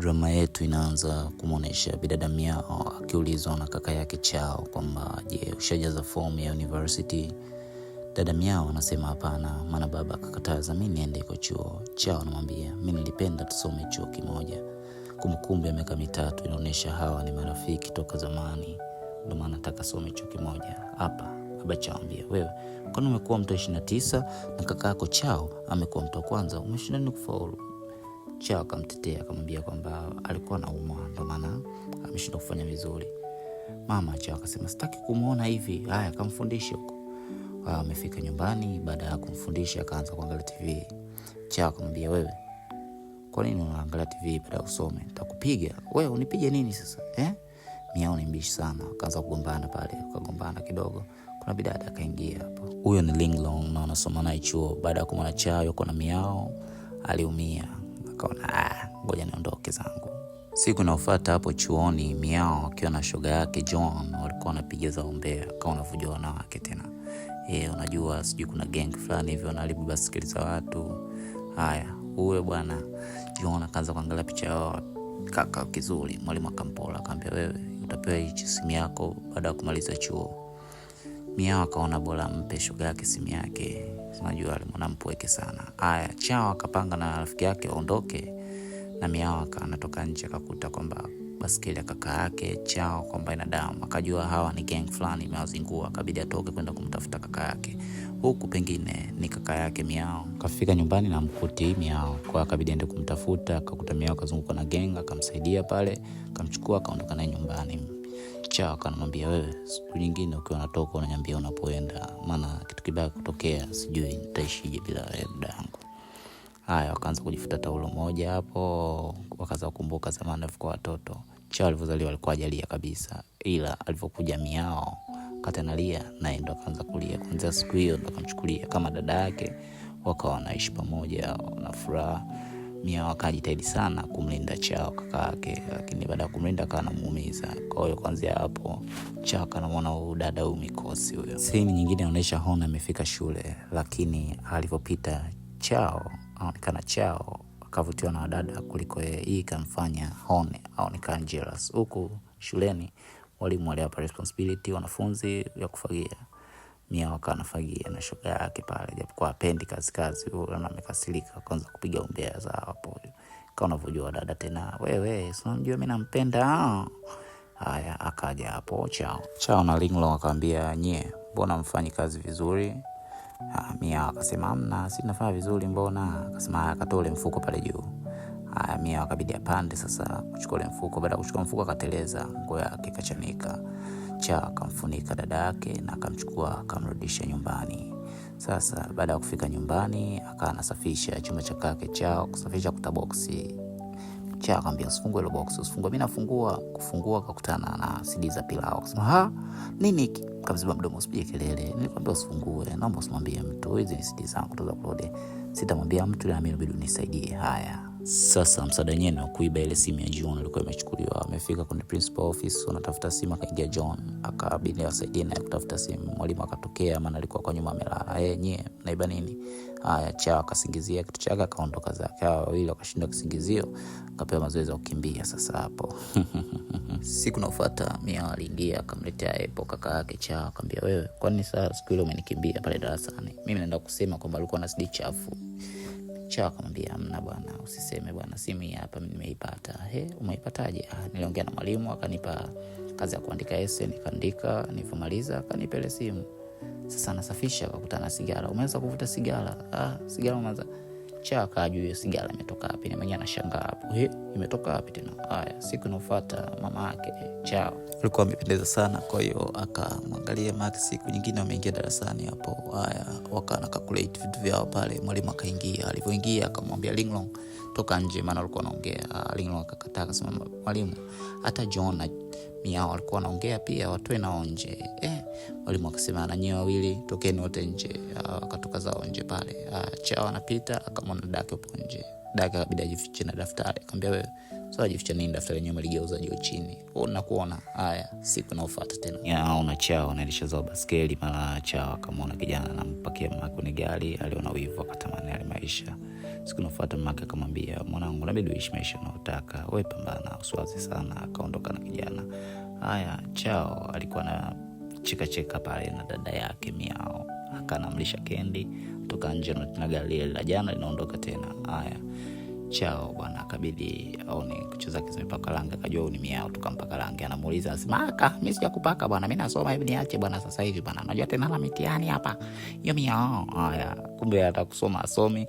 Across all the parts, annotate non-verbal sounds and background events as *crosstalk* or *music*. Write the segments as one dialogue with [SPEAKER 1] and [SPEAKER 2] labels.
[SPEAKER 1] drama yetu inaanza kumwonyesha bidadami yao akiulizwa na kaka yake Chao kwamba je, ushajaza fomu ya university? Dada Miao anasema hapana, maana baba akakataza mi niende iko chuo. Chao anamwambia mi nilipenda tusome chuo kimoja. Kumbukumbu ya miaka mitatu inaonyesha hawa ni marafiki toka zamani, ndio maana nataka some chuo kimoja hapa. Baba wewe, kwani umekuwa mtu wa ishirini na tisa na kaka yako Chao amekuwa mtu wa kwanza, umeshindani kufaulu kocha akamtetea akamwambia kwamba alikuwa anaumwa ndio maana ameshindwa kufanya vizuri. Mama Cha akasema sitaki kumwona hivi, haya kamfundishe huko. Ah, amefika nyumbani, baada ya kumfundisha akaanza kuangalia TV. Cha akamwambia wewe, kwa nini unaangalia TV baada usome? Nitakupiga wewe. Unipige nini sasa eh? Miao ni mbishi sana, akaanza kugombana pale, wakagombana kidogo kuna bidada akaingia hapo. Huyo ni Linglong na anasoma naye chuo. Baada ya kumwona Cha yuko na Miao aliumia. Kaona ah, ngoja niondoke zangu. Siku naofata hapo chuoni, Miao akiwa na shoga yake John walikuwa wanapiga za umbea, akawa anavuja wanawake tena. E, unajua sijui kuna geng fulani hivyo wanaaribu basikeli za watu. Haya, uwe bwana John akaanza kuangalia picha yao kaka kizuri. Mwalimu akampola akaambia wewe utapewa hichi simu yako baada ya kumaliza chuo. Miao akaona bora mpe shoga yake simu yake unajua alimwona mpweke sana. Aya, chao akapanga na rafiki yake waondoke, na Miawa anatoka nje akakuta kwamba baskeli ya kaka yake chao kwamba ina damu, akajua hawa ni gang fulani imewazingua, akabidi atoke kwenda kumtafuta kaka yake, huku pengine ni kaka yake Miao. Kafika nyumbani na mkuti Miao kwa, akabidi aende kumtafuta, akakuta Miao kazunguka na genga akamsaidia pale, akamchukua, akaondoka naye nyumbani mchawi anamwambia wewe, siku nyingine ukiwa natoka unanyambia unapoenda, maana kitu kibaya kutokea, sijui nitaishije bila dada yangu. Haya, wakaanza kujifuta taulo moja hapo, wakaanza kukumbuka zamani walivyokuwa watoto. Mchawi alivyozaliwa alikuwa ajalia kabisa, ila alivyokuja miao kati analia, naye ndo akaanza kulia. Kuanzia siku hiyo ndo akamchukulia kama dada yake, wakawa wanaishi pamoja na furaha. Mia wakajitahidi sana kumlinda Chao kaka yake, lakini baada ya kumlinda kaa namuumiza Kwa hiyo hapo Chao kanamwona huyu dada huu mikosi huyo. Sehemu nyingine anaonyesha Hon amefika shule, lakini alivyopita Chao aonekana Chao akavutiwa na wadada kuliko yeye. Hii ikamfanya Hon aonekana jealous. Huku shuleni walimu waliwapa responsibility wanafunzi ya kufagia Mia waka anafagia na shoga yake pale, japokuwa apendi kazi kazi, na amekasirika kwanza kupiga umbea za hapo, kama unavyojua dada tena, wewe si unamjua mimi nampenda. Haya, akaja hapo chao chao na Linglong akamwambia, nye, mbona mfanyi kazi vizuri? Ah, Mia akasema amna, si nafanya vizuri mbona. Akasema akatole mfuko pale juu Aya, mia wakabidi apande sasa kuchukua ile mfuko. Baada ya kuchukua mfuko, akateleza nguo yake ikachanika. Cha akamfunika dada yake na akamchukua akamrudisha nyumbani. Sasa baada ya kufika nyumbani, akawa anasafisha chumba cha kake Cha kusafisha kuta boksi cha akamwambia usifungue ile box, usifungue. Mimi nafungua. Kufungua akakutana na CD za pilau, akasema ha, nini hiki? Kabisa mdomo, usipige kelele, nilikwambia usifungue, naomba usimwambie mtu, hizi ni CD zangu, tuza upload. Sitamwambia mtu, na mimi inabidi unisaidie. Haya, sasa Msada wakuiba ile simu ya John ilikuwa imechukuliwa. Amefika kwenye principal office, wanatafuta simu, akaingia John, akabidi wasaidie naye kutafuta simu. Mwalimu akatokea, maana alikuwa kwa nyuma amelala. Eh, nyie naiba nini? Haya, cha akasingizia kitu chake, akaondoka zake. Hao wawili wakashinda kisingizio, akapewa mazoezi ya kukimbia. Sasa hapo *laughs* siku nafuata Mia aliingia akamletea epo kaka yake cha, akaambia wewe, kwanini saa siku ile umenikimbia pale darasani? Mimi naenda kusema kwamba alikuwa na sidi chafu cha akamwambia amna bwana, usiseme bwana, simu hapa nimeipata. He, umeipataje? Ah, niliongea na mwalimu akanipa kazi ya kuandika ese nikaandika, nivyomaliza akanipele simu. Sasa nasafisha, akakutana sigara. Umeanza kuvuta sigara? Ah, sigara umeanza chaka ajue hiyo sigara imetoka wapi, na mwenyewe anashangaa hapo, eh, imetoka wapi tena? Haya, siku inayofuata mama yake eh, chao alikuwa amependeza sana, kwa hiyo akamwangalia Max. Siku nyingine wameingia darasani hapo, haya wakana calculate vitu vyao pale, mwalimu akaingia. Alivyoingia akamwambia linglong toka nje, maana walikuwa wanaongea. Ah, Lingo akakataa akasema, mwalimu, hata John na Miao walikuwa wanaongea pia, watoe nao nje. Eh, mwalimu akasema, nanyie wawili tokeni wote nje. Ah, wakatoka zao nje pale. Ah, Chao anapita akamwona Dake upo nje. Dake akabidi ajifiche na daftari, akaambia wewe so najificha nini? Daftari lenyewe umeligeuza juu chini, kwao nakuona. Haya, siku naofata tena yaona chao nalishazoa baskeli, mara chao akamwona kijana anampakia mama kwenye gari, aliona wivu akatamani yale maisha. Siku naofata mama akamwambia, mwanangu, nabidi uishi maisha unaotaka wewe, pambana, usiwaze sana. Akaondoka na kijana. Haya, chao alikuwa na chekacheka pale na dada yake miao akanamlisha kendi kutoka nje na gari la jana linaondoka tena. Haya chao bwana, akabidi aone kucha zake zimepaka rangi, akajua huu ni miao, tukampaka rangi. Anamuuliza asema, aka ah, mimi sija kupaka bwana, mimi nasoma hivi, niache bwana sasa hivi bwana, najua tena na mitihani hapa, hiyo miao. Haya, kumbe atakusoma asomi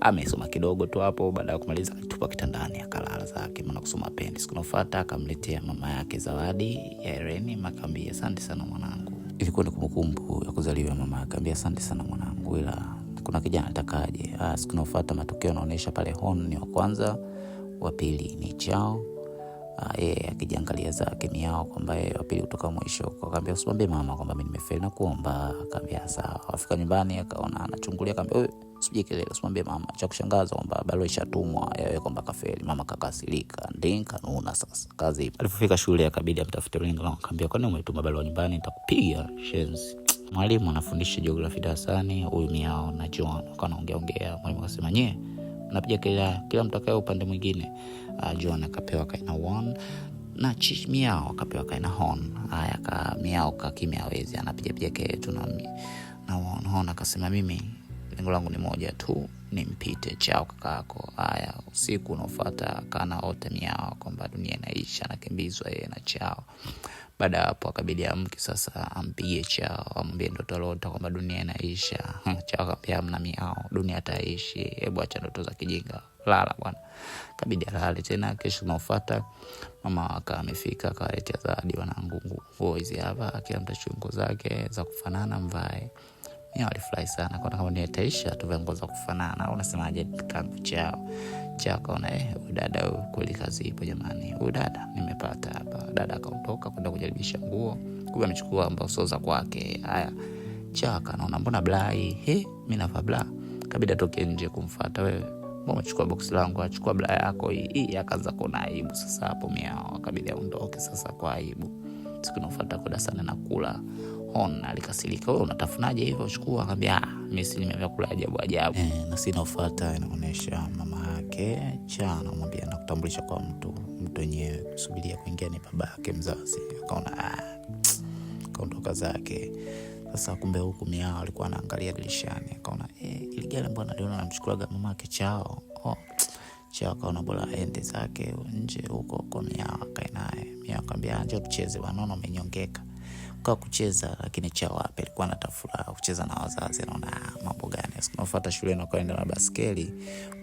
[SPEAKER 1] amesoma kidogo tu hapo. Baada ya kumaliza alitupa kitandani akalala zake, maana kusoma pendi. Siku nafuata akamletea mama yake zawadi ya hereni, akaambia asante sana mwanangu. Ilikuwa ni kumbukumbu ya kuzaliwa mama, akaambia asante sana mwanangu, ila kuna kijana atakaje? Ah, siku inayofuata matokeo anaonyesha pale Hon ni wa kwanza, wa pili ni Chao ah, yeye akijiangalia zake Miao kwamba yeye wapili kutoka mwisho. Akamwambia usimwambie mama kwamba mimi nimefeli na kuomba. akaambia sawa. Afika nyumbani akaona anachungulia, akamwambia wewe usipige kelele, usimwambie mama. Cha kushangaza kwamba balo ishatumwa yeye kwamba kafeli. Mama kakasirika, ndin kanuna sasa kazi. Alipofika shule akabidi amtafute Linga, akamwambia kwani umetuma balo nyumbani, nitakupiga shenzi mwalimu anafundisha jiografi darasani, huyu Miao na Joan akawa naongeaongea mwalimu akasema nyie napija kila, kila mtu akae upande mwingine. Uh, ah, Joan akapewa kaina one na chi Miao akapewa kaina hon. Haya, ka Miao ka kimya hawezi, anapiga piga kelele tu na na akasema mimi lengo langu ni moja tu nimpite chao kakaako. Haya, usiku unaofata kana ote Miao kwamba dunia inaisha, anakimbizwa yeye na chao baada ya hapo akabidi amke sasa, ampige Chawa amwambie ndoto aliota kwamba dunia inaisha. *laughs* Chawa akamwambia mna miao, dunia ataishi, hebu acha ndoto za kijinga, lala bwana. Kabidi alale tena. Kesho unaofuata mama akawa amefika, akawaletea zawadi wanangu, nguo hizi hapa, kila mtu chungu zake za kufanana mvae. Mimi walifurahi sana, kwa kama dunia itaisha tuvae nguo za kufanana. Unasemaje kangu chao chako naye udada kweli kazi ipo jamani. Huyu dada nimepata hapa, dada akaondoka kwenda kujaribisha nguo, kumbe amechukua ambao sio za kwake. Haya, chaka naona mbona blai, he, mimi navaa bla, kabidi atoke nje kumfuata wewe, mbona umechukua boksi langu, achukua bla yako hii. Akaanza kuona aibu sasa, hapo miao akabidi aondoke sasa kwa aibu. Siku inafuata kuda sana na kula on alikasirika, wewe unatafunaje hivyo, chukua. Akamwambia ah, mimi si nimevya ajabu ajabu. Eh, na sina ufuata inaonyesha mama yake cha, anamwambia anakutambulisha kwa mtu, mtu wenyewe kusubiria kuingia ni baba yake mzazi. Akaona ah, kaondoka zake. Sasa kumbe huku miao alikuwa anaangalia dirishani, akaona eh, ili gari ambayo naliona namchukulaga mama chao oh, chao. Akaona bora aende zake nje huko kwa miao, akae naye miao, akaambia njoo tucheze, wanaona amenyongeka kwa kucheza, lakini cha wapi, alikuwa anata kucheza na wazazi, naona ah, mambo gani. Siku nafuata shuleni akaenda na baskeli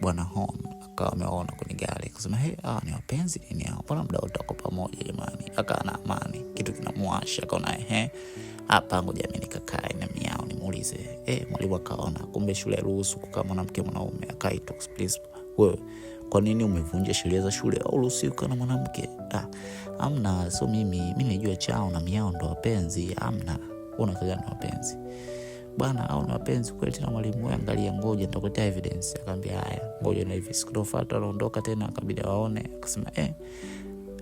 [SPEAKER 1] bwana home, akawa ameona kwenye gari akasema, he ah, ni wapenzi nini hao, mbona muda wote wako pamoja jamani? Akawa na amani, kitu kinamwasha, akaona ehe, hapa ngoja nikakae na miao nimuulize. Eh, mwalimu akaona kumbe shule ruhusu kukaa mwanamke mwanaume, akaitwa wewe kwa nini umevunja sheria za shule? au oh, Uruhusiwi na mwanamke? Ah, amna. So mimi mi najua chao na miao ndo wapenzi. Amna, unakaga na wapenzi bwana au na wapenzi kweli? Tena mwalimu wewe, angalia, ngoja nitakuletea evidence. Akamwambia haya, ngoja na hivi. Siku iliyofuata anaondoka tena, akabidi waone, akasema eh,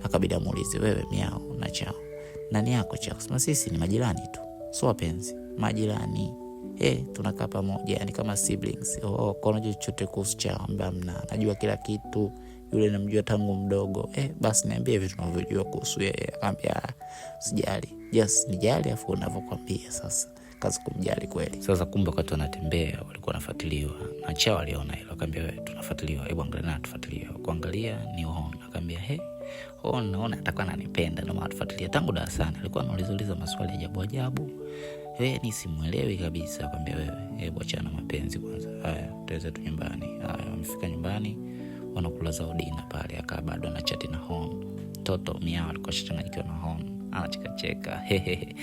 [SPEAKER 1] akabidi amuulize, wewe miao na chao nani yako? Chao akasema sisi ni majirani tu, so wapenzi, majirani hey, eh, tunakaa pamoja yani kama siblings. Oh, kona chochote kuhusu chao ambaye mna najua kila kitu, yule namjua tangu mdogo eh, basi niambie vitu unavyojua kuhusu yeye. Akaambia sijali, yes nijali, afu unavyokwambia sasa kazi kumjali kweli. Sasa kumbe wakati wanatembea walikuwa wanafuatiliwa na chao, aliona hilo akaambia, wewe tunafuatiliwa, hebu angalia na tufuatiliwa. Kuangalia ni uone, akaambia he, oh naona atakuwa ananipenda ndio maana tufuatilia. Tangu darasani alikuwa anauliza maswali ajabu ajabu yani simwelewi kabisa. Kwambia wewe, hebu achana mapenzi kwanza, haya tuweze tu nyumbani. Haya, wamefika nyumbani, wanakula zao dina pale, akaa bado anachati na Hon mtoto mia alikuwa shachanganyikiwa na Hon anachekacheka *laughs* hehehe.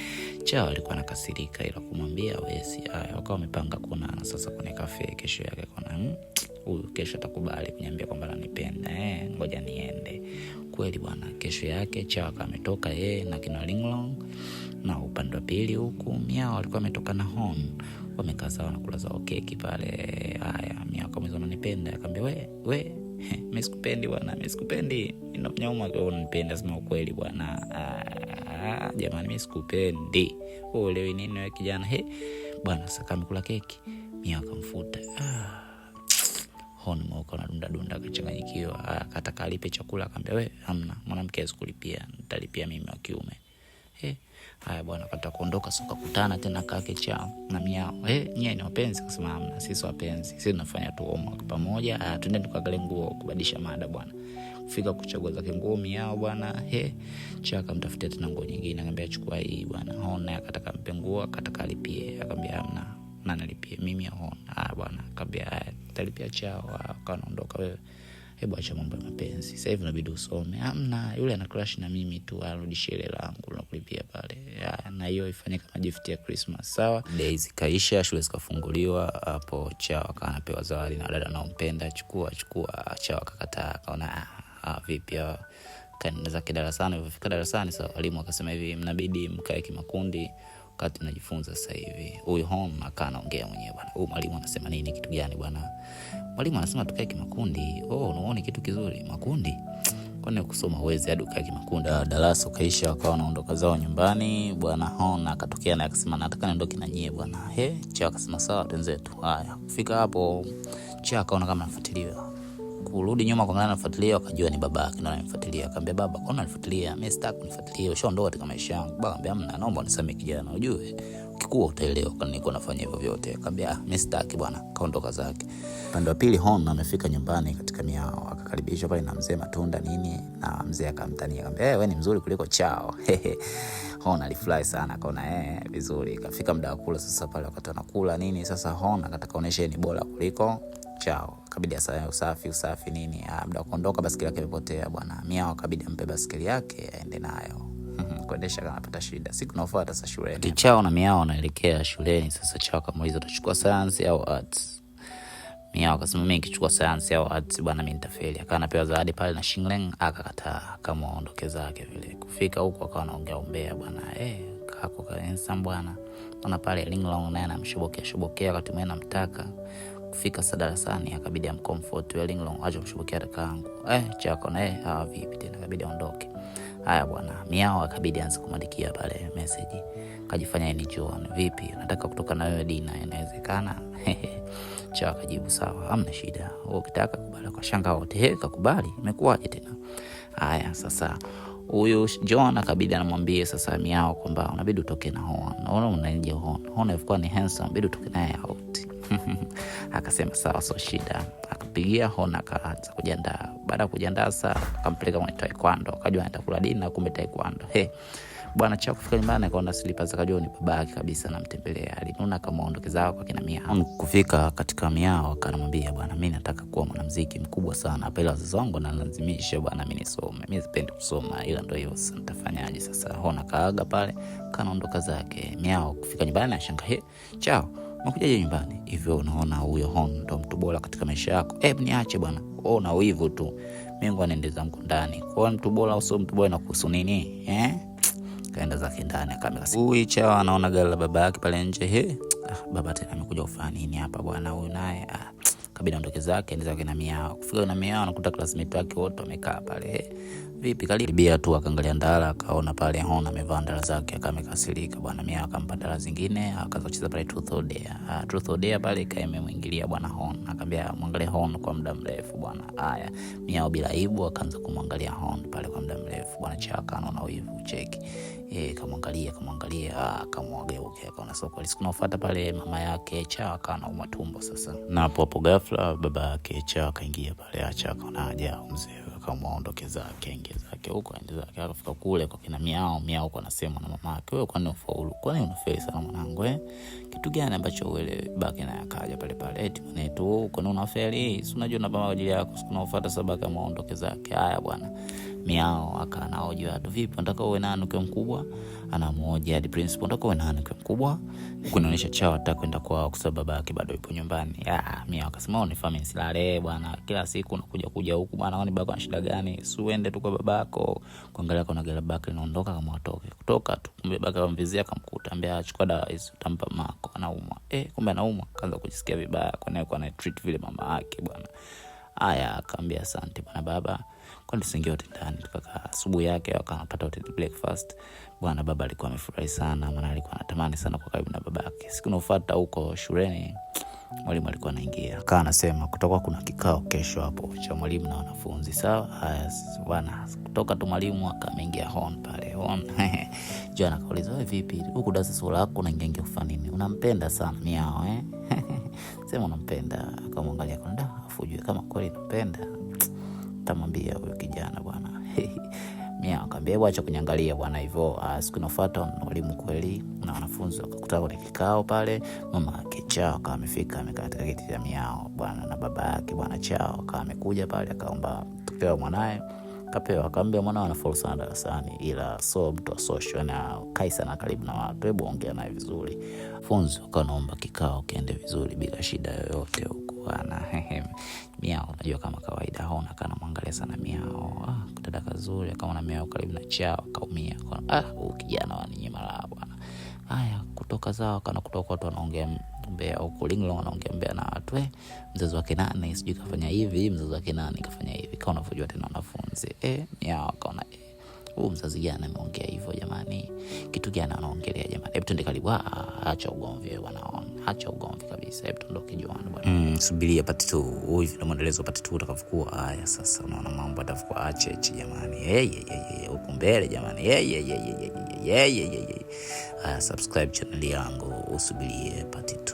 [SPEAKER 1] cha alikuwa anakasirika, ila kumwambia wesi. Haya, wakawa wamepanga kuonana sasa kwenye kafe kesho yake kona hmm, huyu kesho atakubali kuniambia kwamba ananipenda eh, ngoja niende. Kweli bwana, kesho yake Chao akametoka yeye eh, na kina Linglong na upande wa pili huku miao walikuwa wametoka na hon wamekaa sawa na kula zao keki pale. Haya, miao kama unanipenda, akaambia we we, mimi *laughs* bwana, mimi sikupendi, inakunyauma kwa unanipenda. Sema ukweli bwana. Ah, jamani, mimi sikupendi. Wewe nini wewe kijana? He bwana, sasa kama kula keki, miao akamfuta. Ah, *tsk* hon dunda dunda, akachanganyikiwa, ah, akataka alipe chakula, akamwambia we, hamna, mwanamke asikulipia, nitalipia mimi wa kiume. He haya bwana, pata kuondoka, soka kutana tena kake cha na miao eh, nyie ni wapenzi? Kasema hamna, sisi wapenzi, sisi tunafanya tu homework pamoja. Haya, twende tukaangalie nguo, kubadilisha mada bwana. Kufika kuchagua zake nguo miao bwana, he chaka mtafutia tena nguo nyingine, akamwambia chukua hii bwana. Hona akataka mpe nguo, akataka alipie, akamwambia hamna, na nalipie mimi. Hona haya bwana, akamwambia haya, nitalipia chao. Akaondoka wewe hebu acha mambo ya mapenzi, sasa hivi unabidi usome. Amna yule ana crush na mimi tu, arudishie ile langu nakulipia pale ya, na hiyo ifanye kama gift ya Christmas. Sawa, days zikaisha, shule zikafunguliwa, hapo Chawa akawa anapewa zawadi na dada anaompenda, chukua chukua. Chawa akakataa, akaona ah, ah, vipi ah, kaenda kidarasani darasani. darasani, sasa walimu akasema hivi, mnabidi mkae kimakundi wakati najifunza sasa hivi. Huyu home akaa naongea mwenyewe bwana, huyu oh, mwalimu anasema nini, kitu gani bwana? Mwalimu anasema tukae kimakundi. Oh, unaona kitu kizuri makundi kwani kusoma uwezi hadi ukae kimakundi. Darasa ukaisha wakawa naondoka zao nyumbani bwana. Hona akatokea na akasema nataka niondoke na bwana. He, cha akasema sawa, tenzetu Haya, kufika hapo cha akaona kama nafuatiliwa kurudi nyuma kuangalia nafuatilia, wakajua ni baba yake ndo ananifuatilia. Akamwambia baba, kwa nini unanifuatilia? Mimi sitaki kunifuatilia, ushaondoa katika maisha yangu. Baba akamwambia mna, naomba unisamehe kijana, ujue ukikua utaelewa kwa nini nafanya hivyo vyote. Akamwambia ah, mimi sitaki bwana, kaondoka zake. Upande wa pili Hon amefika nyumbani katika miao, akakaribishwa pale na mzee Matunda nini, na mzee akamtania akamwambia, eh, wewe ni mzuri kuliko chao *laughs* Hon alifurahi sana, akaona eh, vizuri. Kafika muda wa kula sasa, pale wakati anakula nini sasa, Hon akataka aoneshe ni bora kuliko chao kabidi asaya usafi usafi nini, labda ah, kuondoka, baskeli yake imepotea bwana. Mia wakabidi ampe baskeli yake aende nayo *laughs* kuendesha, kanapata shida. Siku inayofuata sasa shuleni, Kichao na Miao wanaelekea shuleni. Sasa Chao akamuuliza utachukua sayansi au arts? mia akasema mimi nikichukua sayansi au arts bwana mimi nitafeli. Akawa anapewa zawadi pale na shingleng akakataa, akamwondoke zake vile. Kufika huko akawa anaongea umbea bwana, eh kako kaensa bwana, ona pale Linglong naye anamshobokea shobokea, wakati mwingine anamtaka kufika sa darasani, akabidi amcomfort long acho kumshughulikia kaka yangu. Eh, chako na eh ah, vipi tena, akabidi aondoke. Haya bwana, miao akabidi anze kumwandikia pale message, akajifanya ni John, vipi, nataka kutoka na wewe dina, inawezekana? *laughs* Chao akajibu sawa, hamna shida, wewe ukitaka kubali. Kwa shanga wote, he, kakubali, imekuwaje tena? Haya sasa huyu John akabidi anamwambia sasa Miao kwamba unabidi utoke na hoa naona unaje Hon? Hon alikuwa ni handsome, bidi utoke naye out. *laughs* akasema sawa, so shida. Akapigia hon, akaanza kujiandaa. Baada ya kujiandaa sa akampeleka kwenye taekwondo, akajua anaenda kula dini na kumbe taekwondo hey. Bwana cha kufika nyumbani akaona slipa zakajua ni babake kabisa, namtembelea alinuna, kama akamwondokeza kwa kina Miao. Kufika katika Miao akanamwambia, bwana, mi nataka kuwa mwanamziki mkubwa sana apela wazazi wangu nalazimisha bwana mi nisome, mi sipendi kusoma, ila ndo hiyo sasa, nitafanyaje sasa? Hona kaaga pale, kanaondoka zake Miao. Kufika nyumbani ashanga, he chao unakujaje nyumbani hivyo? Unaona huyo Hon ndo mtu bora katika maisha yako? hebu niache bwana, una wivu tu, mimi anaende zangu ndani. Kwa mtu bora usio mtu bora inakuhusu nini eh? Kaenda zake ndani, huyu anaona gari la baba yake pale nje. He, ah, baba tena amekuja kufanya nini hapa bwana huyu naye ah kabidi ndoke zake, aende na miao. Kufika na miao, anakuta classmate wake wote wamekaa pale vipi karibia tu, akaangalia ndala akaona pale hon amevaa ndala zake, akamekasirika bwana, mimi akampa ndala zingine, akaanza kucheza pale truth or dare. Ah, truth or dare pale kaimemwingilia bwana hon, akamwambia mwangalie hon kwa muda mrefu bwana. Haya, miao bila aibu akaanza kumwangalia hon pale kwa muda mrefu bwana, chaka anaona uivu cheki E, kamwangalia kamwangalia, ah, akamwageuke akaona siku Sikunafuata pale mama yake Chaka anaumwa tumbo sasa, na hapo hapo ghafla baba yake Chaka akaingia pale, ah, Chaka akaona aja mzee akamwaondoke zake nge zake huko aende zake. Akafika kule kwa kina miao miao, kwa nasema na mama yake, wewe kwani ufaulu, kwani unafeli sana mwanangu, eh, kitu gani ambacho uelewi? Baki na akaja pale pale, eti mwanetu, kwani unafeli? Si unajua na baba ajili yako siku naofuata sababu kama aondoke zake. Haya bwana miao akanao watu, vipi, unataka uwe nani ukiwa mkubwa? Anamhoja hadi principal, unataka uwe nani ukiwa mkubwa kunaonyesha chao atakwenda kwenda kwao kwa sababu babake bado yupo nyumbani. Ah, mimi akasema unifahamu oh, nisilale bwana, kila siku unakuja kuja huku bwana, kwani babako ana shida gani? Si uende tu kwa babako kuangalia kuna gari babake linaondoka, kama watoke kutoka tu. Kumbe babake kamvizia kamkuta ambia achukua ah, dawa hizo, tampa mako anaumwa. Eh, kumbe anaumwa, kaanza kujisikia vibaya, kwa nini alikuwa anatreat vile mama yake bwana. Aya, akaambia asante bwana baba, kwani tusingie hotelini. tukaka asubuhi yake wakapata breakfast bwana, baba alikuwa amefurahi sana, maana alikuwa anatamani sana kwa karibu na baba yake Siku nafuata huko shuleni, mwalimu alikuwa anaingia, kaa anasema kutoka kuna kikao kesho hapo cha mwalimu na wanafunzi. Sawa haya bwana, kutoka tu mwalimu akameingia hon pale hon *laughs* jo anakauliza wewe, vipi huku dasa, sura yako na ngenge ufanini, unampenda sana miao eh? *laughs* sema unampenda. Akamwangalia kunda, afu ah, ujue kama kweli nampenda tamwambia huyo kijana bwana *laughs* mia akamwambia wacha kunyangalia bwana hivyo. Ah, siku inafuata mwalimu kweli na wanafunzi wakakuta kwenye kikao pale, mama yake Chao kama amefika amekaa katika kiti cha miao bwana, na baba yake bwana Chao kama amekuja pale, akaomba tupewe mwanaye kapewa akaambia, mwana ana fursa sana darasani, ila so mtu wa social na kai sana karibu na watu, hebu ongea naye vizuri. Funzo kanaomba kikao kiende vizuri bila shida yoyote bwana *laughs* miao. Unajua kama kawaida hao unakaa namwangalia sana miao, ah, kutada kazuri akaona miao karibu na chao kaumia, ah, kijana waninyima raha bwana. Haya, kutoka zao kana kutoka watu wanaongea mbea huko linglong, wanaongea mbea na watu eh, mzazi wake nani sijui kafanya hivi, mzazi wake nani kafanya hivi, kama unavyojua tena wanafunzi eh, miao kaona eh huu mzazi jana ameongea hivyo, jamani, kitu gani anaongelea jamani? Hebu tuende karibu. Ah, acha ugomvi wanaona acha ugomvi kabisa, hebu tuondoke juana bwana. Mm, subiri tu huyu na mwendelezo apate tu Haya sasa, unaona mambo atavukua achechi jamani, hey hey hey, huko mbele jamani, hey hey Subscribe channel yangu usubirie pati